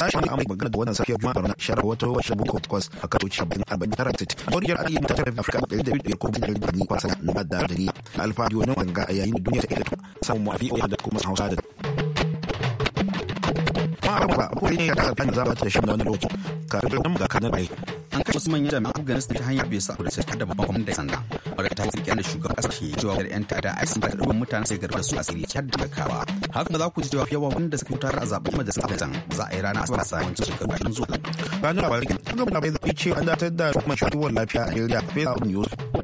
sashen amai magana da wannan safiyar juma'a na shara wata wacce buku kwas a kan tuci shabin arba'in tara da a a ayyukan ta tarar afirka da a bidiyar kuma da a kwasa na da dari alfa yiwu nan wanga a yayin da duniya ta iya samun mafi da kuma hausa da ba ko ne ya ta alƙalin zama ta shi da wani lokaci ka kuma ga kanar bai an kashe wasu manyan jami'an afghanistan ta hanyar bai sabu da sai da babban kwamandan sanda ya ta tsike da shugaban kasar shi cewa da yan ta'ada a sun da mutane sai garba su asiri har da kawa haka za ku ji cewa yawa wanda suka fitar a zaben majalisar afghanistan za a yi rana asabar sa wancan shekaru 20 zuwa ranar labarai an gaba da bai zafi cewa an datar da hukumar lafiya a Najeriya Fesa Yusuf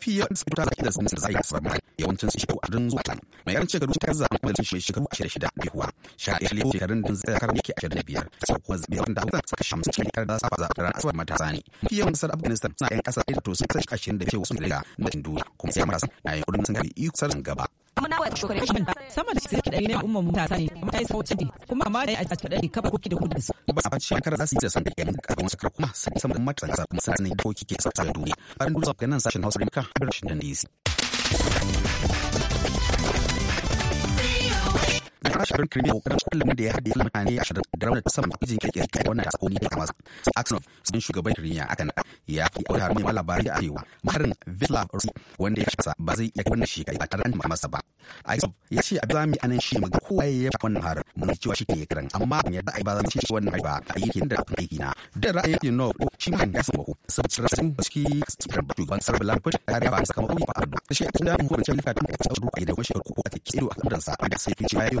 mafi yawan su ta zaki da sanin da zai kasa mai yawancin su shekaru adun zuwa tano mai yawancin shekaru ta zama mai shi shekaru 26 da huwa sha ya lewa shekarun da zai karar yake 25 sai kuma zai yawan da huwa saka shamsu cikin karar da safa za ta asabar matasa ne mafi yawan kasar afghanistan suna yan kasa da to sun kashi 25 wasu daga da duniya kuma sai marasa na yin kudin sun kai iko sarin gaba sama da sirki ɗari na umar matasa ne mata yi sauce ne kuma kama da a ajiye ɗari kaba kuki da kudu su. ba a ci ankara za da san da yamin da wasu kar kuma sama da matan sa kuma sun sanin ke tsafta da duniya a nan sashen hausa a birnin shagar kirmiya kokarin kullum da ya haɗe mutane a shirin da raunar saman kujin kirkiyar kai wannan ta sakoni da hamas axon sun shugaban kirmiya akan ya fi aura mai labarai a arewa maharin vitla rusi wanda ya kasa ba zai iya wannan shi ba tare da masa ba axon ya ce abin zami anan shi maga kowa ya yi wannan harin mun cewa shi ke kiran amma ban a ai ba zan ci wannan ai ba a yake da aiki na da ra'ayin no shi ma da su bako saboda rasin baski tsirar ba A sarbi lafiya a ba sakamako ba a da shi a cikin da mun ko da cewa da ko a take ido a kan sa da sai ke cewa yayin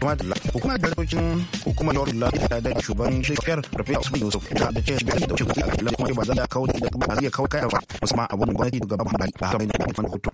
kuma da hukumar da dokin hukumar yawar lafiya da shugaban shekar rafi a sukun yusuf da da ce shi da dokin kuma da kuma ba za da kawo da ba zai kawo kayan ba musamman abun da gwamnati daga ban bari ba da kuma hutu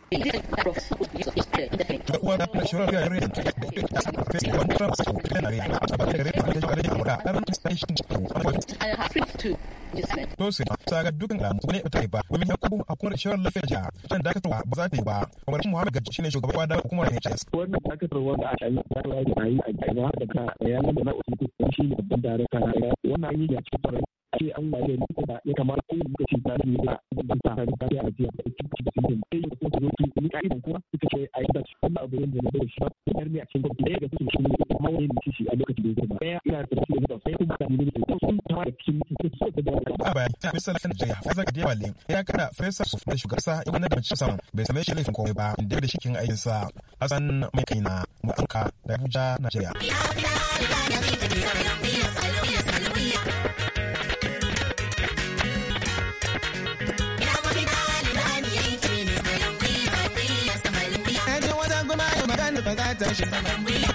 da uwa da shirar da da ta fi wani trump sai da yare da ta da yare da ta da da ta da yare da ta da yare da ta da yare da ta da da ta da yare da ta da yare da ta da yare da ta da da ta da yare da ta da da ta da yare da ta da da ta da da ta da da ta da da ta da da ta da da ta da da ta da da ta da da ta da da ta da da ta da da ta da da ta da da ta da da ta da da ta da da ba ta da da ba ta da da ba ta da da ba ta da da ba ta da da ba ta da da ba ta da da ba ta da da ba ta da da ba ta da da ba ta da da ba ta da da ba ta da da ba ta da da ba ta da da ba ta da da to sai ta ga dukkan alamu ne ta ba wani ya kubu hukumar shirin lafiyar jiha kan dakatarwa ba za ta yi ba kamar shi Muhammad Gaji shine shugaban kuma hukumar NHS wannan dakatarwa da aka yi ta a yi a gaba daga bayanan da na uku shi ne babban daraka na wannan yi ya cikin ce an waje ne da ya kamata ko muka ce ta ne da abin da ta ta ya ajiya da cikin da sun yi ko ko zo ki ni ka'idan kuma suka ce ai da shi kuma abin da ne da shi ba ne a cikin da ya ga su shi ne kuma wani ne shi a lokacin da ya ba ya ina da shi da sai kuma da ne da sarki a bayan ta bisa da ya faza a wale ya kada fesa su da shugaban sa ya wani da mace saman bai same shi laifin komai ba da da shikin aikin sa hasan mai kaina mu anka da abuja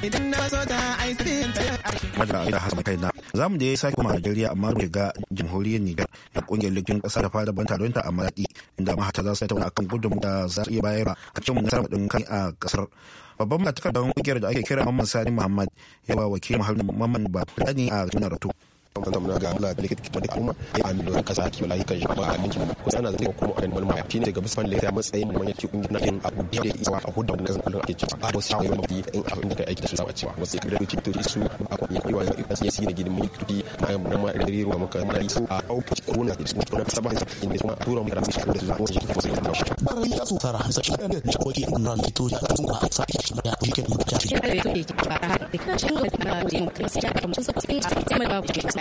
Idan na so ta aisirin ta yau. Madara kai na za mu da ya sake koma Najeriya amma shiga jamhuriyar Nijar da kungiyar likin kasa da fara ban taron ta a Maraki inda mahata za su tauna akan gudun da za su iya bayar a cikin nasarar din kai a kasar babban matakar da kungiyar da ake kira Muhammad Sani Muhammad ya ba wakilin Muhammad Mamman ba a cikin Rato gwamnatin na ga Allah da likita da kuma ya amin don kasa ki wallahi kan jama'a alinki ko sana zai kuma wannan malama shine daga bisfan da ya matsayin mun yake kungiyar nan abu da yake isa a hudu da kasan kullun ake cewa ba sai ya mutu in abin da aiki da su zawa cewa wasu kare ki to su a kuma yi wa sai sai da gidan mulki kudi na mun ma da riruwa muka mai su a auku corona da su kuma saba in kuma tura mu da su da su zawa su ko sai da shi ba rai su tara sai shi da ko ki kun ran to ya sun ka sa ya shi ya ku ke da mutunci da to ke ba da shi da mu sai ka mun sai ka mun sai ka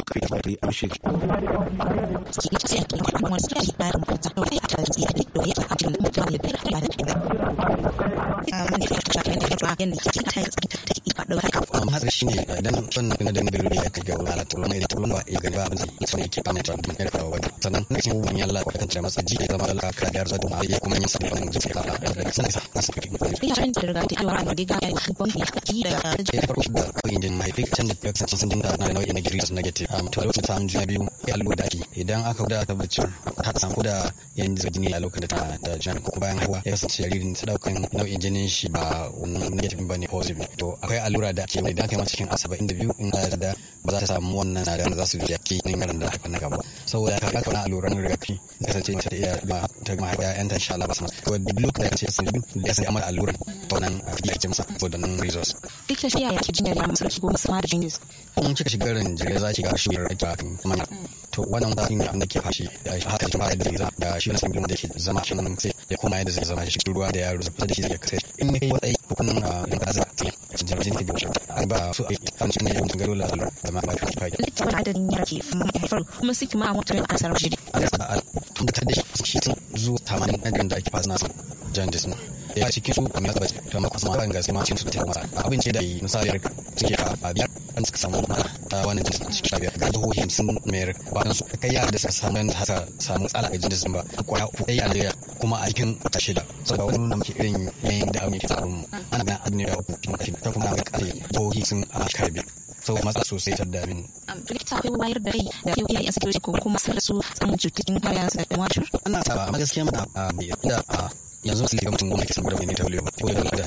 Thank you. hatsari idan wani wani an na na biyu idan aka da tabbacin ko da yayin da jini a lokacin da ta da jami'a ko bayan haihuwa ya kasance jaririn ta daukan nau'in jinin shi ba wannan negative bane positive to akwai allura da ake da aka yi cikin asaba inda biyu in ta da ba za ta samu wannan sinadaran da za su ji yaki ne yaran da aka na gaba saboda ka ka na alluran rigakafi da kasance ta iya ba ta ma haifa yan ta insha Allah ba su to da duk da ce sun biyu da sai amma alluran to nan a fiye da masa for the non resource duk da shi ya yake jinyar ya masu shigo musamman da jinyar kun cika shigarin jirgin za ki ga shi rakka kuma to wannan da ina da ke fashi da shi haka shi da za zama da shi na san da ke zama shi nan sai ya koma yadda zai zama shi ruwa da yaro zai da shi zai kasance in ne wata ko kuma da kaza ta jarjin ke biyo an ba su a kan cikin yadda garo la da ma ba ka kai ta adadin Ya ke haifar kuma suke ma mutum a sarar shi a tun da ta da shi zuwa tamanin ɗan da ake fasa nasa jaundice ya cikin su kamar da bace to amma kuma ban ga ma cikin su ta masa abin ce da misali suke a biya an suka samu ta wani jinsi a cikin shabiya ga jihohi hamsin mayar bayan su kai yara da suka samu nan haka samu tsala ga jinsi ba a kwaya uku ɗaya a kuma a cikin ta shida saboda wani nuna muke irin yayin da amince muke samu ana gana a duniya uku cikin kashi ta kuma ga kare jihohi sun a shekara biyar saboda matsa sosai ta da damin. Likita akwai wayar da rai da yau iyayen asibitoci ko kuma sanar su samun cututtukin kayan su da ɗan Ana Ana ba, amma gaskiya mana a ah, biyar da ah, yanzu su liga mutum goma ke sanar da ne ta wuliyo ba ko da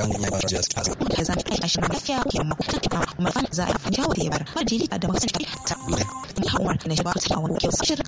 jamus ya ba jiya ta sa da zan kai ashin mafiya yamma ta mafan za a fanta wa yabar majiri da masu ta ni hawan na shi ba ta hawan ke sashir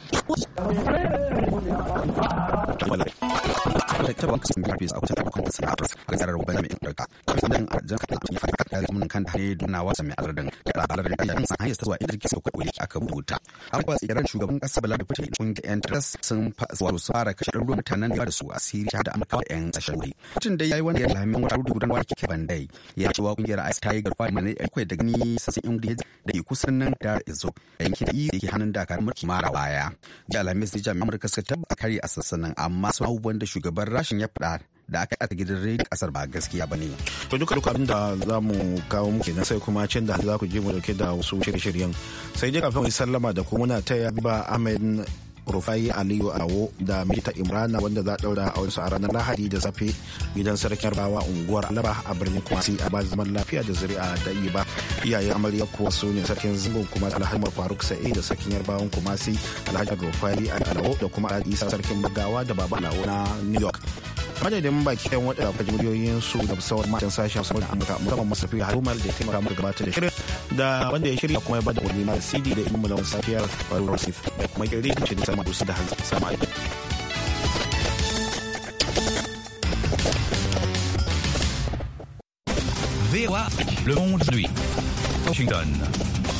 da ta ba su mafi a kusa ta kwanta sana'ar a zarar wani mai ɗauka. Kamar da an arjan ka ta ce da gwamnan kan hare a nawa sami azardan da rabalar da yan san hanyar zuwa idan kisa kuɗi aka rubuta an ba tsiran shugaban kasa bala da fitin kungiyar yan tras sun wato su fara kashe ɗaruruwan mutanen da su a siriya da amurka da yan sashen wuri mutum da ya yi wani ya lamin wata rudu gudanarwa da kike bandai ya cewa kungiyar ice ta yi garkuwa da mai akwai da gani sassan ingiliya da ke kusan nan da izo da yankin da iya ke hannun dakar mulki mara baya jami'an amurka suka tabbata kare a amma su abubuwan da shugaban rashin ya faɗa da aka a gidan rediyo kasar ba gaskiya ba ne. To duka duka abin da za mu kawo muke nan sai kuma can da za ku je mu dauke da wasu shirye-shiryen. Sai dai kafin mu sallama da kuma muna taya ba Ahmed Rufai Aliyu Awo da Mita Imrana wanda za daura a wasu a ranar Lahadi da safe gidan sarkin rawa unguwar Alaba a birnin Kwasi a zaman lafiya da zuri'a da ba iyaye amarya kuwa su ne sarkin zangon kuma Alhaji Faruk Sa'i da sarkin Yarbawan Kumasi Alhaji Rufai Aliyu Awo da kuma Isa sarkin Magawa da Baba Lawo na New York. madadin bakin waɗanda ka ji su da sauran matan sashi wasu saboda amurka musamman masu fiye harumar da taimaka mata gabata da shirin da wanda ya shirya kuma ya bada wani mara cd da ilmu lawan safiyar faru rasif da kuma gari da shirin sama dusu da hanzu sama aiki. VOA, le monde Washington.